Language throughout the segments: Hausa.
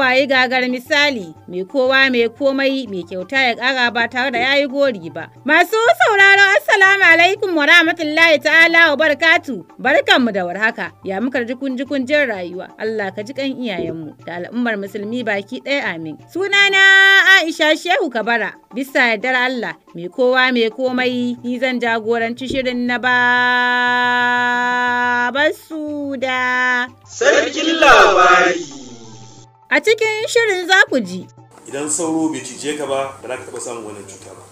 waye gagar misali mai kowa mai komai mai kyauta ya kara ba tare da yayi gori ba masu sauraro assalamu alaikum wa rahmatullahi ta'ala wa barakatu barkanmu da warhaka ya muka jikun jikun jin rayuwa Allah ka ji kan iyayenmu da al'ummar musulmi baki ɗaya amin sunana Aisha Shehu Kabara bisa yardar Allah mai kowa mai komai ni zan jagoranci shirin na ba basu da sarkin Allah. A cikin shirin za ku ji. Idan sauro bai cije ka ba, ba za ka taɓa samun wannan cuta ba.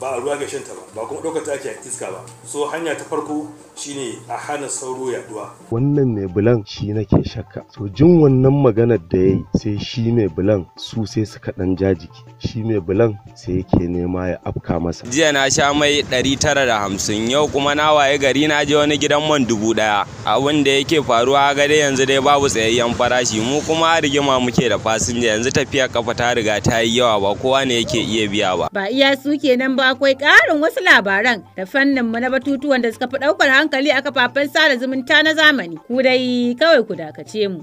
ba a ruwa ga shanta ba ba kuma ɗaukar ta ake iska ba so hanya ta farko shine a hana sauro yaduwa wannan ne bulan shi nake shakka so jin wannan maganar da yayi sai shi ne bulan su sai suka dan jajiki shi ne bulan sai yake nema ya afka masa jiya na sha mai 950 yau kuma na waye gari na je wani gidan man dubu daya abin da yake faruwa ga dai yanzu dai babu tsayayyen farashi mu kuma rigima muke da fasinja yanzu tafiya kafa ta riga ta yi yawa ba kowa ne yake iya biya ba ba iya su kenan ba akwai ƙarin wasu labaran da fannin mu na batutuwan da suka fi ɗaukar hankali a kafafen sada zumunta na zamani. Ku dai kawai ku dakace mu.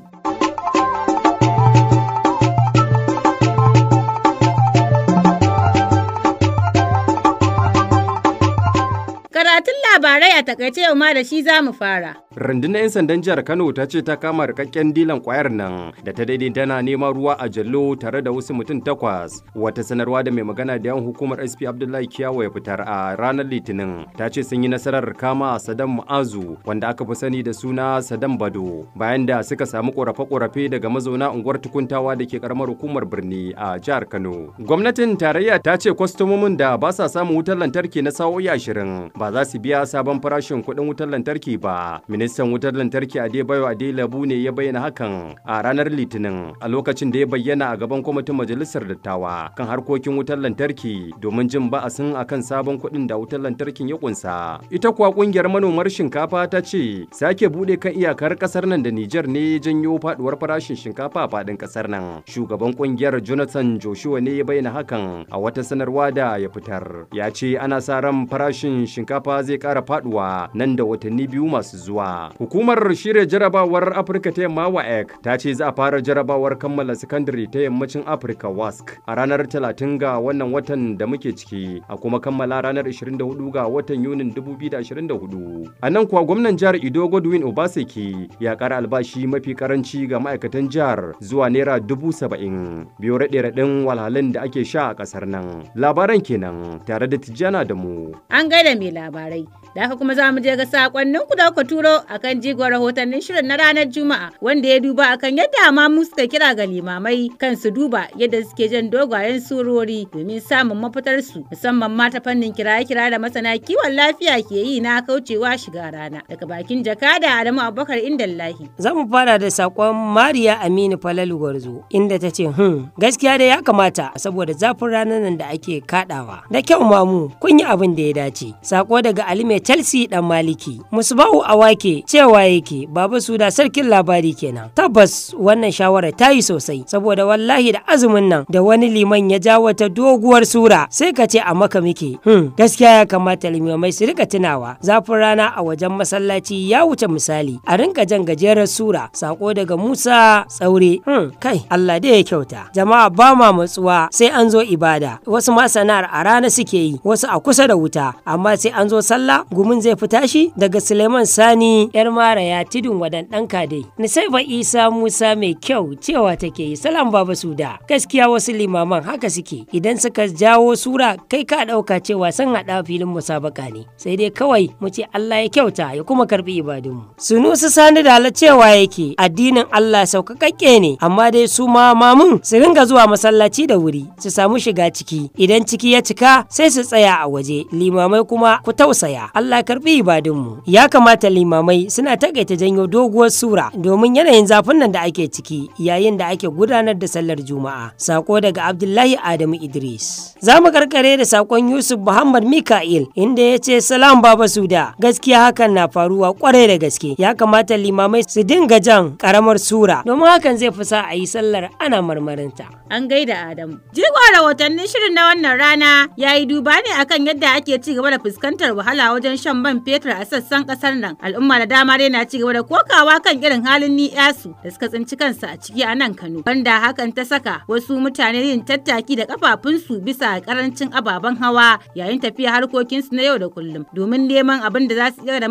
Karatun labarai a takaice yau ma da shi za mu fara. rundunar 'yan sandan jihar kano ta ce ta kama rikakken dilan kwayar nan da ta daidai tana neman ruwa a jallo tare da wasu mutum takwas wata sanarwa da mai magana da yan hukumar sp abdullahi kiyawa ya fitar a ranar litinin ta ce sun yi nasarar kama sadan mu'azu wanda aka fi sani da suna sadan bado bayan da suka samu korafe-korafe daga mazauna unguwar tukuntawa da ke karamar hukumar birni a jihar kano gwamnatin tarayya ta ce kwastomomin da ba sa samun wutar lantarki na sa'o'i ashirin ba za su biya sabon farashin kuɗin wutar lantarki ba ministan wutar lantarki adebayo adelabu ne ya bayyana hakan a ranar litinin a lokacin da ya bayyana a gaban kwamitin majalisar dattawa kan harkokin wutar lantarki domin jin ba'asin akan sabon kuɗin da wutar lantarkin ya kunsa ita kuwa kungiyar manomar shinkafa ta ce sake buɗe kan iyakar ƙasar nan da nijar ne janyo faɗuwar farashin shinkafa a faɗin ƙasar nan shugaban kungiyar jonathan joshua ne ya bayyana hakan a wata sanarwa da ya fitar ya ce ana sa ran farashin shinkafa zai ƙara faɗuwa nan da watanni biyu masu zuwa Hukumar shirya jarabawar Afirka ta Yamma WAEC ta ce za a fara jarabawar kammala sakandare ta yammacin Afirka Wask a ranar 30 ga wannan watan da muke ciki a kuma kammala ranar 24 ga watan Yunin 2024. A nan kuwa gwamnan jihar Ido Godwin Obaseki ya kara albashi mafi karanci ga ma'aikatan jihar zuwa naira dubu saba'in biyo raɗe-raɗin walhalin da ake sha a ƙasar nan. Labaran kenan tare da Tijjana da mu. An gaida mai labarai. Da haka kuma za mu je ga sakonnin ku da ku turo akan jigon rahotannin shirin na ranar Juma'a wanda ya duba akan yadda mamu suka kira ga limamai kan su duba yadda suke jan dogayen surori domin samun mafitar su musamman ma ta fannin kiraye-kira da masana kiwon lafiya ke yi na kaucewa shiga rana daga bakin jakada Adamu Abubakar Indallahi. Za mu fara da sakon Mariya Aminu Falalu Gwarzo inda ta ce hmm gaskiya da ya kamata saboda zafin ranar nan da ake kadawa. Da kyau mamu kun yi abin da ya dace. Sako daga Alime Chelsea dan Maliki. Musbahu Awake cewa yake Baba Suda sarkin labari kenan. Tabbas wannan shawara ta yi sosai saboda wallahi da azumin nan da wani liman ya ja wata doguwar sura sai ka ce a maka muke. Hmm, gaskiya ya kamata limamai su rika tunawa zafin rana a wajen masallaci ya wuce misali a rinka jan gajerar sura sako daga Musa tsaure. Hmm, kai Allah dai ya kyauta. Jama'a ba ma matsuwa sai an zo ibada. Wasu ma sana'ar a rana suke yi, wasu a kusa da wuta, amma sai an zo sallah gumin zai fi tashi daga suleiman sani yar mara ya tudun wadan ɗan sai ba isa musa mai kyau cewa take yi salam baba suda gaskiya wasu limaman haka suke idan suka jawo sura kai ka ɗauka cewa san haɗa filin musabaka ne sai dai kawai mu ce allah ya kyauta ya kuma karbi ibadunmu sunusu sani da cewa yake addinin allah sauƙaƙaƙƙe ne amma dai su ma mamun su ringa zuwa masallaci da wuri su samu shiga ciki idan ciki ya cika sai su tsaya a waje limamai kuma ku tausaya Allah karbi mu. ya kamata limamai suna takaita janyo doguwar sura domin yanayin zafin nan da ake ciki yayin da ake gudanar da sallar juma'a sako daga Abdullahi Adamu Idris za mu karkare da sakon Yusuf Muhammad Mika'il inda ya ce salam baba suda gaskiya hakan na faruwa kwarai da gaske ya kamata limamai su dinga jan karamar sura domin hakan zai fi a yi sallar ana marmarinta an gaida Adamu Jirgin rahotannin shirin na wannan rana ya yi duba ne akan yadda ake ci gaba da fuskantar wahala wajen matsalolin shan man fetur a sassan kasar nan al'umma da dama dai na ci gaba da kokawa kan irin halin ni yasu da suka tsinci kansu a ciki a nan Kano wanda hakan ta saka wasu mutane yin tattaki da kafafunsu bisa karancin ababen hawa yayin tafiya harkokinsu na yau da kullum domin neman abin da za su iya da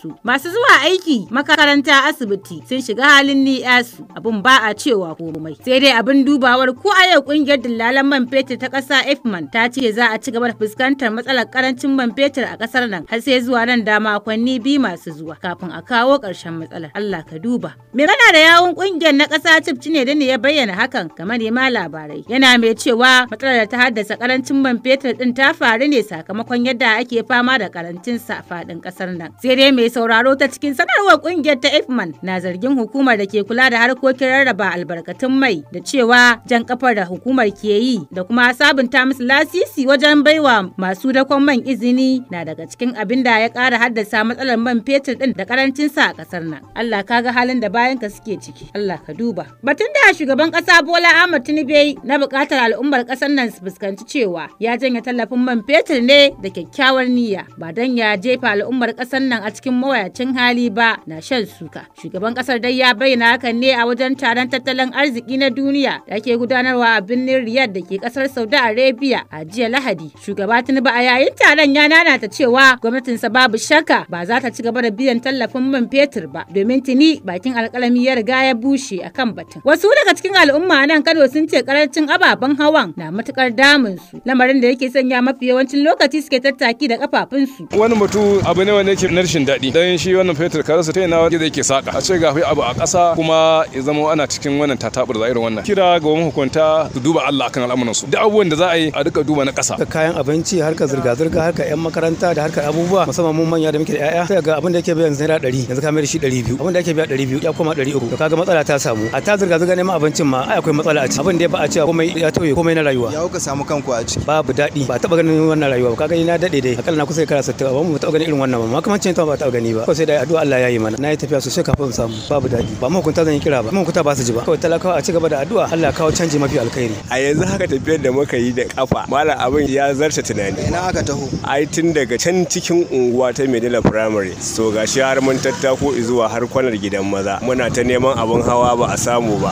su masu zuwa aiki makaranta asibiti sun shiga halin ni yasu abin ba a cewa komai sai dai abin dubawar ko a yau kungiyar dillalan man fetur ta kasa ifman ta ce za a ci gaba da fuskantar matsalar karancin man fetur a kasar nan har sai zuwa nan da makonni biyu masu zuwa kafin a kawo ƙarshen matsalar Allah ka duba. Me gana da yawun ƙungiyar na ƙasa da ne ya bayyana hakan ga manema labarai yana mai cewa matsalar da ta haddasa ƙarancin man fetur ɗin ta faru ne sakamakon yadda ake fama da ƙarancin sa faɗin ƙasar nan. Sai dai mai sauraro ta cikin sanarwar ƙungiyar ta Ifman na zargin hukumar da ke kula da harkokin rarraba albarkatun mai da cewa jan kafar da hukumar ke yi da kuma sabunta musu lasisi wajen baiwa masu dakon man izini na daga cikin abin da ya kara haddasa matsalar man fetur din da karancin sa a kasar nan. Allah ka ga halin da bayan ka suke ciki. Allah ka duba. Batun da shugaban ƙasa Bola Ahmad Tinubu na bukatar al'ummar kasar nan su fuskanci cewa ya janye tallafin man fetur ne da kyakkyawar niyya ba dan ya jefa al'ummar ƙasar nan a cikin mawayacin hali ba na shan suka. Shugaban ƙasar dai ya bayyana hakan ne a wajen taron tattalin arziki na duniya da ake gudanarwa a birnin Riyadh da ke ƙasar Saudi Arabia a jiya Lahadi. Shugaba Tinubu a yayin taron ya nanata cewa gwamnatinsa babu shakka ba za ta ci gaba da biyan tallafin man fetur ba domin tuni bakin alkalami ya riga ya bushe akan batun. Wasu daga cikin al'umma nan Kano sun ce karancin ababen hawan na matukar damun su lamarin da yake sanya mafi yawancin lokaci suke tattaki da kafafunsu. Wani mutu abu ne wanda yake na rashin daɗi dan shi wannan fetur ka rasa taina wanda yake saka a ce ga abu a ƙasa kuma ya zama ana cikin wannan tatabar da irin wannan. Kira ga hukunta su duba Allah kan al'amuran su. Duk abubuwan da za a yi a duka duba na ƙasa. Kayan abinci harka zirga-zirga harka 'yan makaranta da harka abubuwa musamman mun manya da muke da 'ya'ya sai ga abin da yake bayan yanzu naira 100 yanzu ka mai da shi 200 abin da yake biya 200 ya koma 300 to kaga matsala ta samu a ta zurga zirga neman abincin ma ai akwai matsala a ci abin da ba a ce komai ya toye komai na rayuwa ya kuka samu kanku a ciki babu daɗi ba taba ganin wannan rayuwa ba kaga ina dade dai akalla na kusa kara 60 ba mu taba ganin irin wannan ba ma kamar ta ba taba gani ba ko sai dai addu'a Allah ya yi mana na yi tafiya sosai kafin samu babu daɗi ba mu hukunta zan yi kira ba mu hukunta ba su ji ba kawai talakawa a ci gaba da addu'a Allah kawo canji mafi alkhairi a yanzu haka tafiyar da muka yi da kafa malam abin ya zarta tunani ina aka taho ai tun daga can ciki cikin unguwa ta medela primary so gashi har mun tattako zuwa har kwanar gidan maza muna ta neman abin hawa ba a samu ba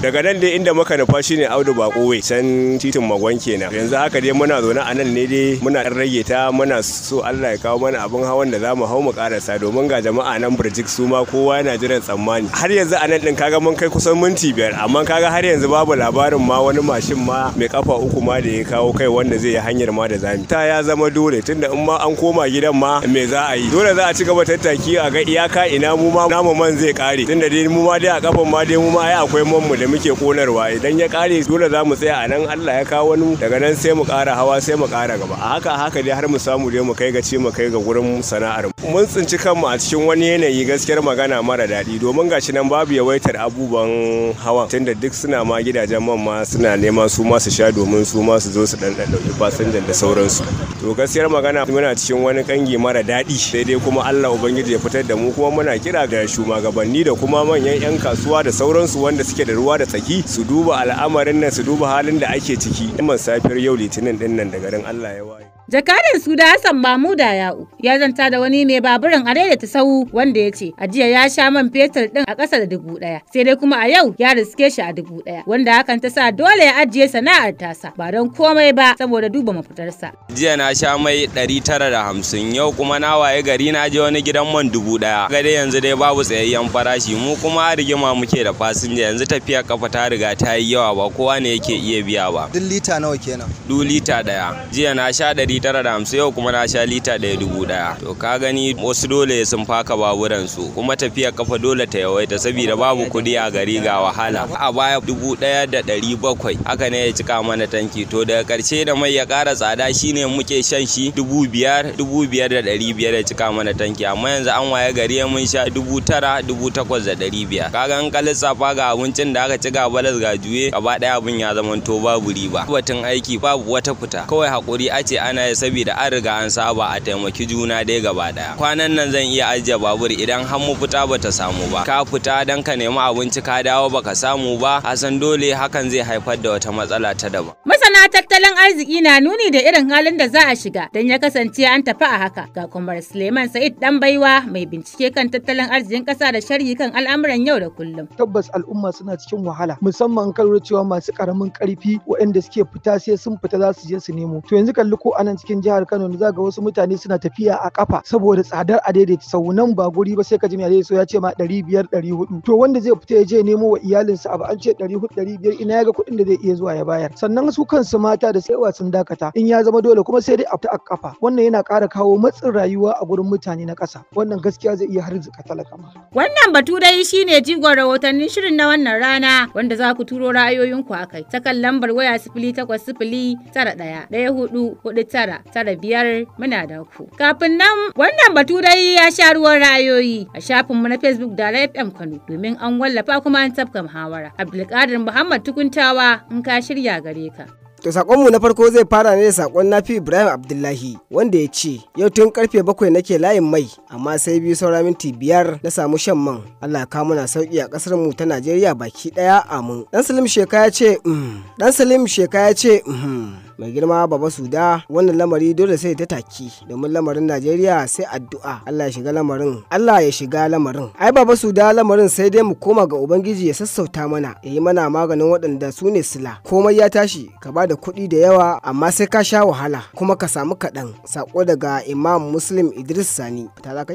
daga nan dai inda muka nufa ne audu bako wai can titin magwan kenan yanzu haka dai muna zaune a nan ne dai muna dan rage ta muna so Allah ya kawo mana abin hawan da zamu hau mu karasa domin ga jama'a nan burjik su ma kowa yana jiran tsammani har yanzu a nan din kaga mun kai kusan minti biyar amma kaga har yanzu babu labarin ma wani mashin ma mai kafa uku ma da ya kawo kai wanda zai yi hanyar ma da zami ta ya zama dole tunda in ma an koma gidan ma me za a yi dole za a ci gaba tattaki a ga iyaka ina mu ma namu man zai kare tunda dai mu ma dai a kafan ma dai mu ma ai akwai manmu da muke konarwa idan ya kare dole za mu tsaya a nan Allah ya kawo wani daga nan sai mu kara hawa sai mu kara gaba a haka haka dai har mu samu dai mu kai ga ci mu kai ga gurin sana'ar mun tsinci kanmu a cikin wani yanayi gaskiyar magana mara daɗi domin gashi nan babu yawaitar abubuwan hawa tunda duk suna ma gidajen man ma suna neman su ma su sha domin su ma su zo su ɗan ɗauki fasinjan da sauransu to gaskiyar magana muna cikin wani kangi mara daɗi sai dai kuma Allah ubangiji ya fitar da mu kuma muna kira ga shugabanni da kuma manyan 'yan kasuwa da sauransu wanda suke da ruwa da tsaki su duba al'amarin nan su duba halin da ake ciki musamman safiyar yau litinin din nan da garin Allah ya waye. Jakadan su da Hassan da Ya'u ya zanta da wani mai baburan a ta sau wanda ya ce ajiya ya sha man fetur din a kasa da dubu ɗaya sai dai kuma a yau ya riske shi a dubu ɗaya wanda hakan ta sa dole ya ajiye sana'ar tasa ba don komai ba saboda duba mafitarsa. Jiya na sha mai ɗari tara da hamsin. hamsin yau kuma na waye gari na je wani gidan man dubu ɗaya ga dai yanzu dai babu tsayayyen farashi mu kuma rigima muke da fasinja yanzu tafiya kafa ta riga ta yi yawa ba kowa ne yake iya biya ba duk lita nawa kenan duk lita ɗaya jiya na sha ɗari tara da hamsin yau kuma na sha lita ɗaya dubu ɗaya to ka gani wasu dole sun faka baburan su kuma tafiya kafa dole ta yawaita saboda babu kuɗi a gari ga wahala a baya dubu ɗaya da ɗari bakwai haka ne ya cika mana tanki to daga ƙarshe da mai ya ƙara tsada shine muke shan shi dubu biyar dubu dubu biyar da ɗari biyar ya cika mana tanki amma yanzu an waye gari mun sha dubu tara dubu takwas da ɗari biyar kaga in ka lissafa ga abincin da aka ci ga balas ga juye gaba ɗaya abin ya zama to babu riba batun aiki babu wata fita kawai hakuri a ce ana yi saboda an riga an saba a taimaki juna dai gaba ɗaya kwanan nan zan iya ajiye babur idan har mu fita bata samu ba ka fita dan ka nemi abinci ka dawo baka samu ba a san dole hakan zai haifar da wata matsala ta daban masana tattalin arziki na nuni da irin halin da za a shiga dan ya kasance an tafi ba a haka ga kumar Suleiman Sa'id dan baiwa mai bincike kan tattalin arzikin ƙasa da sharhi kan al'amuran yau da kullum. Tabbas al'umma suna cikin wahala musamman kan cewa masu karamin karfi waɗanda suke fita sai sun fita za su je su nemo. To yanzu kalli ko anan cikin jihar Kano za ga wasu mutane suna tafiya a kafa saboda tsadar a daidaita sau nan ba guri ba sai ka ji mai ya ce ma ɗari biyar ɗari hudu. To wanda zai fita ya je nemo wa iyalinsa abu an ce ɗari hudu ɗari biyar ina ya ga kuɗin da zai iya zuwa ya bayar. Sannan su kansu mata da saiwa sun dakata in ya zama dole kuma sai dai a fita a kafa Wannan yana ƙara ƙara kawo matsin rayuwa a gurin mutane na ƙasa wannan gaskiya zai iya harzuka talaka ma. Wannan batu dai shine jigon rahotannin shirin na wannan rana wanda za ku turo ra'ayoyinku a kai ta kan lambar waya sifili takwas sifili tara ɗaya ɗaya hudu hudu tara tara biyar muna da ku. Kafin nan wannan batu dai ya sha ruwan ra'ayoyi a shafinmu na Facebook da FM Kano domin an wallafa kuma an tafka muhawara. Abdulkadir Muhammad Tukuntawa in ka shirya gare ka. To sakonmu na farko zai fara ne da sakon nafi Ibrahim Abdullahi wanda ya ce yau tun karfe bakwai nake layin mai amma sai biyu saura minti biyar na samu shan man Allah ka muna sauki a kasar mu ta Najeriya baki daya amin. Dan Salim Sheka ya ce mm. dan Salim Sheka ya ce mm-hmm. mai girma baba suda wannan lamari dole sai ta taki domin lamarin najeriya sai addu'a allah ya shiga lamarin allah ya shiga lamarin ai baba suda lamarin sai dai mu koma ga ubangiji ya sassauta mana ya yi mana maganin waɗanda su ne sila komai ya tashi ka ba da kuɗi da yawa amma sai ka sha wahala kuma ka samu kaɗan sako daga imam muslim idris sani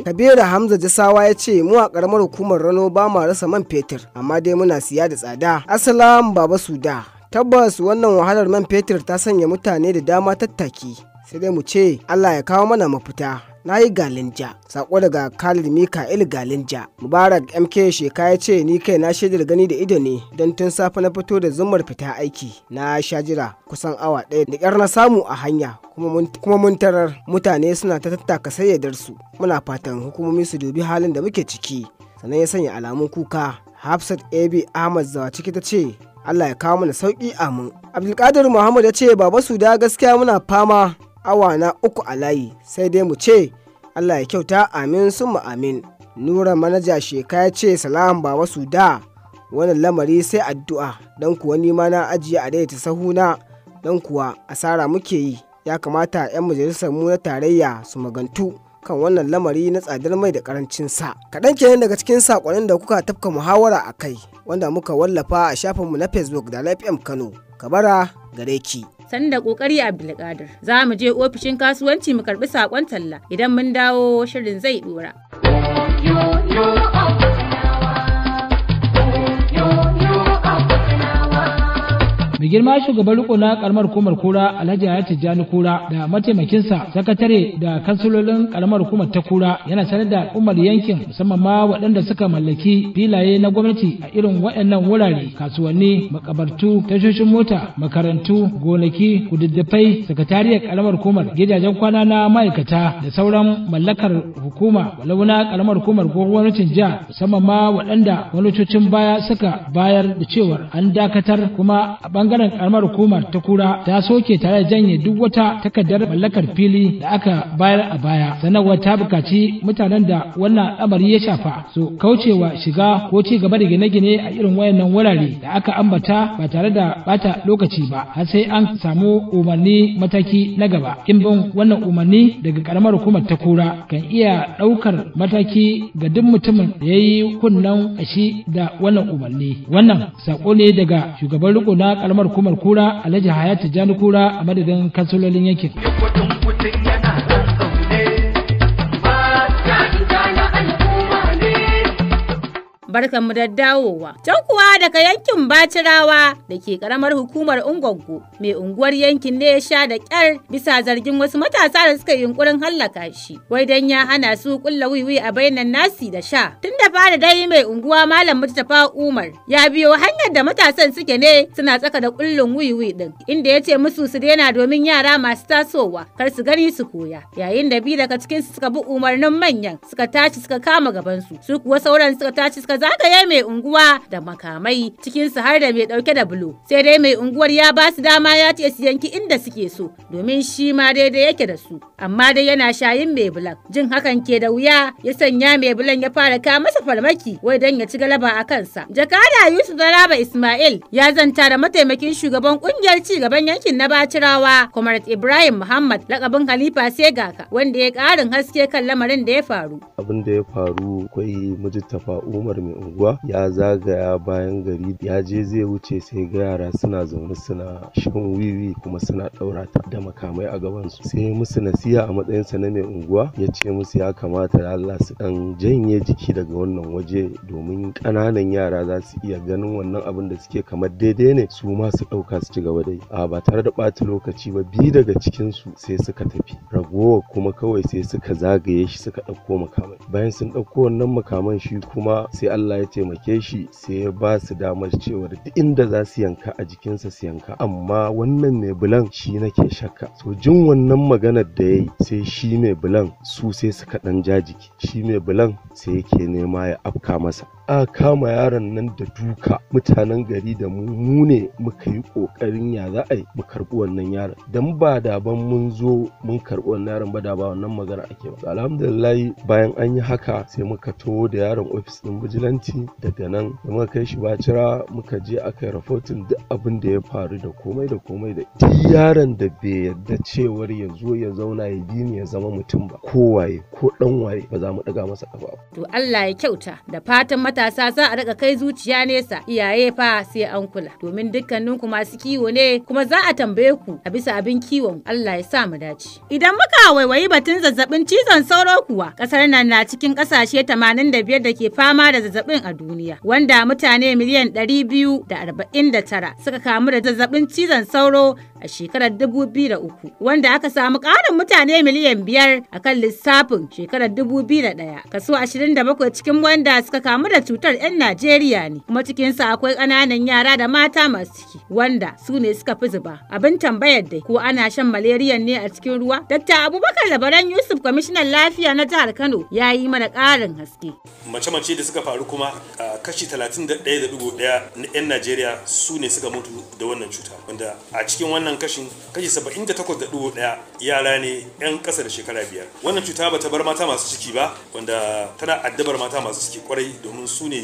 kabira hamza jasawa ya ce mu a ƙaramar hukumar rano ba mu rasa man fetur amma dai muna siya da tsada asalam baba suda Tabbas wannan wahalar man fetur ta sanya mutane da dama tattaki sai dai mu ce Allah ya kawo mana mafita. na yi galinja sako daga khalid mika'il galinja mubarak mk sheka ya ce ni kai na shaidar gani da ido ne don tun safe na fito da zumar fita aiki na sha jira kusan awa ɗaya da ƙyar na samu a hanya kuma mun tarar mutane suna ta tattaka sayyadarsu muna fatan hukumomi su dubi halin da muke ciki sannan ya sanya alamun kuka hafsat ab ahmad zawa ciki ta ce Allah ya kawo mana sauki amin Abdulkadir Muhammad ya ce baba su da gaskiya muna fama awa na uku a layi sai dai mu ce Allah ya kyauta amin sun mu amin Nura manaja sheka ya ce salam baba su da wannan lamari sai addu'a don kuwa nima na ajiye a daidaita sahuna don kuwa asara muke yi ya kamata 'yan majalisar mu na tarayya su magantu kan wannan lamari na tsadar mai da karancin sa kaɗan kenan daga cikin saƙonin da kuka tafka muhawara a kai wanda muka wallafa a shafinmu na Facebook da LifeM Kano. Kabara gare ki. sanda da kokari Abdulkadir. Za mu je ofishin kasuwanci mu karbi sakon talla idan mun dawo shirin zai dora. mai girma shugaban riko na karamar hukumar kura alhaji ya jani kura da mataimakinsa sakatare da kansulolin karamar hukumar ta kura yana sanar da al'ummar yankin musamman ma waɗanda suka mallaki filaye na gwamnati a irin waɗannan wurare kasuwanni makabartu tashoshin mota makarantu gonaki kududdufai sakatariyar karamar hukumar gidajen kwana na ma'aikata da sauran mallakar hukuma walau na karamar hukumar ko gwamnatin jiha musamman ma waɗanda gwamnatocin baya suka bayar da cewar an dakatar kuma a bangaren karamar hukumar ta kura ta soke tare da janye duk wata takardar mallakar fili da aka bayar a baya wata ta bukaci mutanen da wannan amari ya shafa su kaucewa shiga ko ci gaba da gine-gine a irin wayannan wurare da aka ambata ba tare da bata lokaci ba har sai an samu umarni mataki na gaba in bin wannan umarni daga karamar hukumar ta kura kan iya ɗaukar mataki ga duk mutumin da ya yi kunnen shi da wannan umarni wannan saƙo ne daga shugaban riko na karamar umar kumar kura alhaji hayatu jani kura a madadin kansulolin yankin barkanmu da dawowa. Can kuwa daga yankin Bacirawa da ke karamar hukumar Ungwaggo mai unguwar yankin ne ya sha da kyar bisa zargin wasu matasa da suka yunkurin hallaka shi. Wai dan ya hana su kulla wiwi a bainan nasi da sha. Tun da fara dai mai unguwa Malam Mustapha Umar ya biyo hanyar da matasan suke ne suna tsaka da kullun wiwi din inda ya ce musu su daina domin yara masu tasowa kar su gani su koya. Yayin da bi daga cikin suka bi umarnin manyan suka tashi suka kama gabansu su kuwa sauran suka tashi suka yi mai unguwa da makamai cikin su har da mai dauke da bulo sai dai mai unguwar ya ba su dama ya ce su yanki inda suke so domin shi ma daidai yake da su amma dai yana shayin mai bulan jin hakan ke da wuya ya sanya mai bulan ya fara ka masa farmaki wai dan ya ci galaba a kansa jakada Yusuf Zaraba Ismail ya zanta da mataimakin shugaban kungiyar ci gaban yankin na Bacirawa Comrade Ibrahim Muhammad lakabin Halifa Segaka wanda ya karin haske kan lamarin da ya faru abin da ya faru akwai mujittafa Umar mai unguwa ya zagaya bayan gari ya je zai wuce sai ga yara suna zaune suna shan wiwi kuma suna ɗaura ta da makamai a gabansu sai musu nasiha a matsayin sa na mai unguwa ya ce musu ya kamata da Allah su ɗan janye jiki daga wannan waje domin ƙananan yara za su iya ganin wannan abin da suke kamar daidai ne su ma su ɗauka su ci gaba dai a ba tare da ɓata lokaci ba Bi daga cikin su sai suka tafi ragowa kuma kawai sai suka zagaye shi suka ɗauko makamai bayan sun ɗauko wannan makaman shi kuma sai Allah Allah ya taimake shi sai ya ba su damar cewar duk inda za su yanka a jikinsa su yanka amma wannan mai bulan shi nake shakka so jin wannan maganar da ya sai shi mai bulan su sai suka ɗan jajiki shi mai bulan sai yake nema ya afka masa aka kama yaron nan da duka mutanen gari da mu mu ne muka yi kokarin ya za a yi mu karbi wannan yaron dan ba da ban mun zo mun karbi wannan yaron ba da ba wannan magana ake ba alhamdulillah bayan an yi haka sai muka taho da yaron ofis din bijilanci daga nan da muka kai shi bacira muka je aka yi duk abin da ya faru da komai da komai da duk yaron da bai yarda cewar ya zo ya zauna ya bi ni ya zama mutum ba ko waye ko dan waye ba za mu daga masa kafa ba to Allah ya kyauta da fatan mata matasa za a daga kai zuciya nesa iyaye fa sai an kula domin dukkanin masu kiwo ne kuma za a tambaye ku a bisa abin kiwon Allah ya sa mu dace. Idan muka waiwayi batun zazzabin cizon sauro kuwa kasar nan na cikin kasashe 85 da ke fama da zazzabin a duniya wanda mutane miliyan 249 suka kamu da zazzabin cizon sauro a shekarar 2003 wanda aka samu karin mutane miliyan biyar a kan lissafin shekarar 2001 kaso 27 cikin wanda suka kamu da cutar 'yan Najeriya ne kuma cikinsa akwai ƙananan yara da mata masu ciki wanda su ne suka fi zuba. Abin tambayar dai ko ana shan malariyan ne a cikin ruwa? Dr. Abubakar Labaran Yusuf kwamishinan lafiya na jihar Kano ya yi mana ƙarin haske. Mace-mace da suka faru kuma kashi 31.1 na 'yan Najeriya su ne suka mutu da wannan cuta wanda a cikin wannan kashin kashi 78.1 yara ne 'yan ƙasa da shekara biyar. Wannan cuta ba ta bar mata masu ciki ba wanda tana addabar mata masu ciki kwarai domin su ne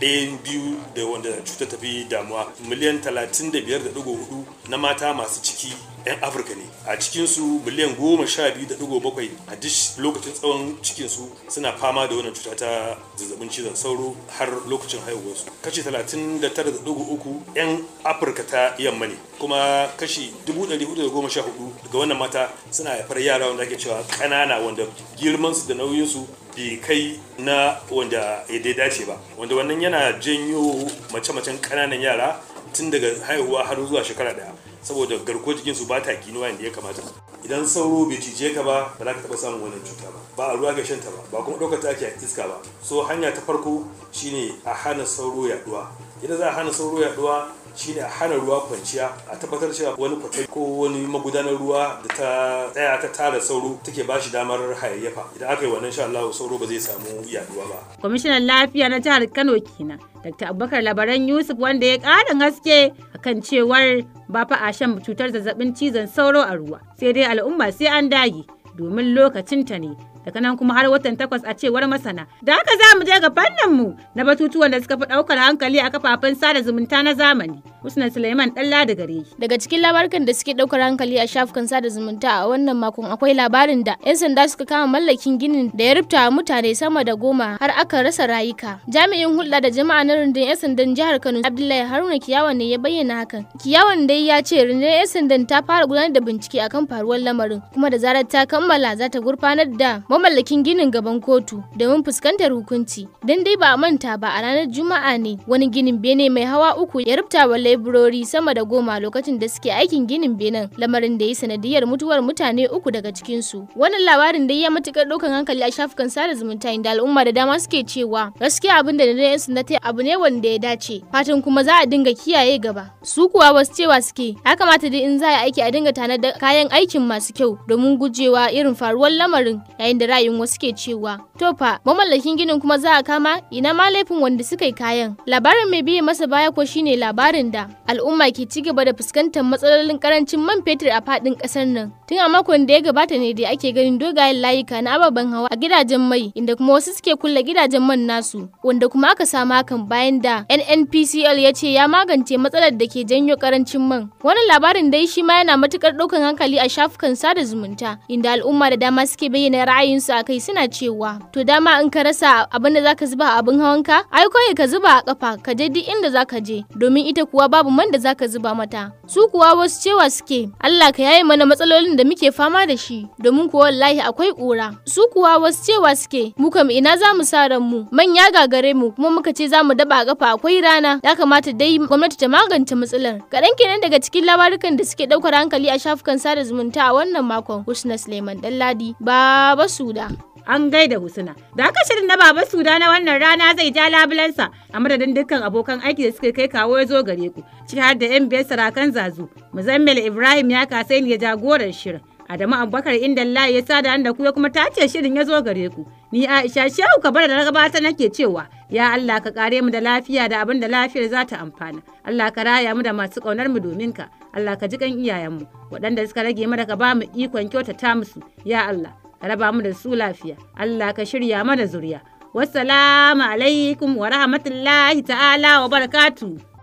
ɗayan biyu da wanda cutar tafi damuwa miliyan 35.4 na mata masu ciki 'yan afirka ne a cikinsu miliyan goma sha biyu da ɗigo bakwai a duk lokacin tsawon cikinsu suna fama da wannan cuta ta zazzabin cizon sauro har lokacin haihuwarsu kashi talatin da tara da ɗigo uku 'yan afirka ta yamma ne kuma kashi dubu ɗari hudu da goma sha hudu daga wannan mata suna haifar yara wanda ake cewa ƙanana wanda girmansu da nauyinsu bai kai na wanda ya dace ba wanda wannan yana janyo mace-macen ƙananan yara tun daga haihuwa har zuwa shekara ɗaya. saboda garko jikin su ba ta ginuwa yadda ya kamata idan sauro bai cije ka ba ba za ka taɓa samun wannan cuta ba ba a ruwa ga shanta ba ba kuma ɗaukar ta a iska ba so hanya ta farko shine a hana sauro yaduwa idan za a hana sauro yaduwa shine a hana ruwa kwanciya a tabbatar cewa wani kwatai ko wani magudanar ruwa da ta tsaya ta tara sauro take ba shi damar hayayyafa idan aka yi wannan insha Allah sauro ba zai samu yaduwa ba kwamishinan lafiya na jihar Kano kenan Dr. Abubakar Labaran Yusuf wanda ya ƙara haske akan cewar ba fa a shan cutar zazzabin cizon sauro a ruwa sai dai al'umma sai an dage domin lokacin ta ne daga nan kuma har watan takwas a cewar masana da haka za mu je ga fannin mu na batutuwan da suka fi ɗaukar hankali a kafafen sada zumunta na zamani usman Suleiman Dalla da gare daga cikin labarkan da suke daukar hankali a shafukan sada zumunta a wannan makon akwai labarin da 'yan sanda suka kama mallakin ginin da ya rubuta mutane sama da goma har aka rasa rayuka jami'in hulɗa da jama'a na rundun 'yan sandan jihar Kano Abdullahi Haruna Kiyawan ne ya bayyana hakan Kiyawan dai ya ce rundun 'yan sandan ta fara gudanar da bincike akan faruwar lamarin kuma da zarar ta kammala za ta gurfanar da mamallakin ginin gaban kotu domin fuskantar hukunci don dai ba a manta ba a ranar juma'a ne wani ginin bene mai hawa uku ya rubuta wa laburori sama da goma lokacin da suke aikin ginin benen lamarin da ya sanadiyar mutuwar mutane uku daga cikinsu wannan labarin da ya matukar ɗaukan hankali a shafukan sada zumunta inda al'umma da dama suke cewa gaskiya abin da na na ta abu ne wanda ya dace fatan kuma za a dinga kiyaye gaba su kuwa wasu cewa suke ya kamata dai in za a aiki a dinga tanada kayan aikin masu kyau domin gujewa irin faruwar lamarin yayin da da ra'ayin wasu ke cewa to fa mamallakin ginin kuma za a kama ina ma laifin wanda suka yi kayan labarin mai biye masa baya ko shine labarin da al'umma ke ci gaba da fuskantar matsalolin karancin man fetur a faɗin ƙasar nan tun a makon da ya gabata ne dai ake ganin dogayen layuka na ababen hawa a gidajen mai inda kuma wasu suke kulle gidajen man nasu wanda kuma aka samu hakan bayan da nnpcl ya ce ya magance matsalar da ke janyo karancin man wannan labarin dai shi ma yana matukar ɗaukan hankali a shafukan sada zumunta inda al'umma da dama suke bayyana ra'ayinsu a kai suna cewa to dama in ka rasa abin da zaka zuba a abin hawanka ai kawai ka zuba a kafa ka je duk inda zaka je domin ita kuwa babu man da zaka zuba mata su kuwa wasu cewa suke Allah ka yaye mana matsalolin da muke fama da shi domin kuwa wallahi akwai ƙura su kuwa wasu cewa suke mu ina zamu sa ran mu manya gagare mu kuma muka ce zamu mu daba kafa akwai rana ya kamata dai gwamnati ta magance matsalar kaɗan kenan daga cikin labarukan da suke ɗaukar hankali a shafukan sada zumunta a wannan makon husna suleiman dalladi baba suda an gaida husuna da aka shirin na baba suda na wannan rana zai ja labulansa a madadin dukkan abokan aiki da suka kai kawo ya zo gare ku ciki har da yan biyar sarakan zazu muzammil ibrahim ya kasai ya jagoran shirin Adamu Abubakar inda Allah ya sada da ku ya kuma tace shirin ya zo gare ku. Ni Aisha Shehu bar da gabata nake cewa ya Allah ka kare mu da lafiya da abin da lafiyar za ta amfana. Allah ka raya mu da masu kaunar mu domin ka. Allah ka ji kan iyayenmu waɗanda suka rage mu daga ba mu ikon kyautata musu. Ya Allah a raba mu da su lafiya Allah ka shirya mana zuriya wassalamu alaikum wa rahmatullahi ta'ala wa barakatuh